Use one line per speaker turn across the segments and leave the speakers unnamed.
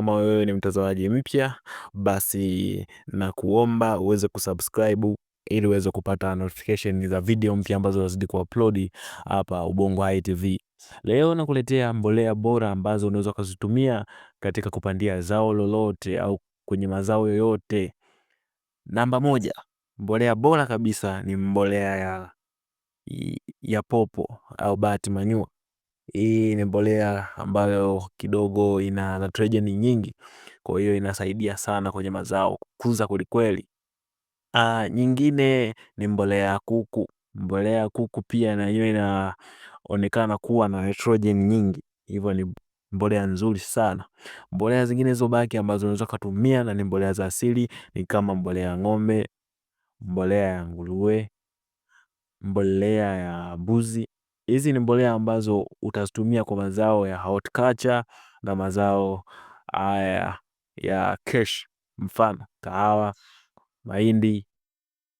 Kama wewe ni mtazamaji mpya, basi na kuomba uweze kusubscribe ili uweze kupata notification za video mpya ambazo nazidi kuupload hapa Ubongo Hai TV. Leo nakuletea mbolea bora ambazo unaweza ukazitumia katika kupandia zao lolote au kwenye mazao yoyote. Namba moja, mbolea bora kabisa ni mbolea ya, ya popo au bahati manyua. Hii ni mbolea ambayo kidogo ina nitrogen nyingi, kwa hiyo inasaidia sana kwenye mazao kukuza kwelikweli. Ah, nyingine ni mbolea ya kuku. Mbolea ya kuku pia na hiyo inaonekana kuwa na nitrogen nyingi, hivyo ni mbolea nzuri sana. Mbolea zingine zilizobaki ambazo unaweza kutumia na ni mbolea za asili ni kama mbolea ya ng'ombe, mbolea ya nguruwe, mbolea ya mbuzi. Hizi ni mbolea ambazo utazitumia kwa mazao ya horticulture na mazao haya ya cash, mfano kahawa, mahindi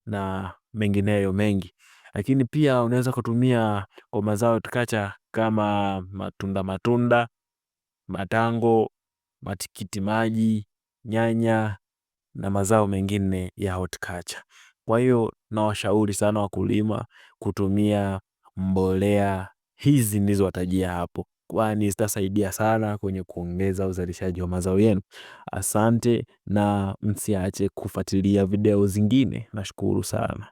na mengineyo mengi. Lakini pia unaweza kutumia kwa mazao tukacha kama matunda matunda, matango, matikiti maji, nyanya na mazao mengine ya horticulture. Kwa hiyo nawashauri sana wakulima kutumia mbolea hizi nilizowatajia hapo, kwani zitasaidia sana kwenye kuongeza uzalishaji wa mazao yenu. Asante na msiache kufuatilia video zingine. Nashukuru sana.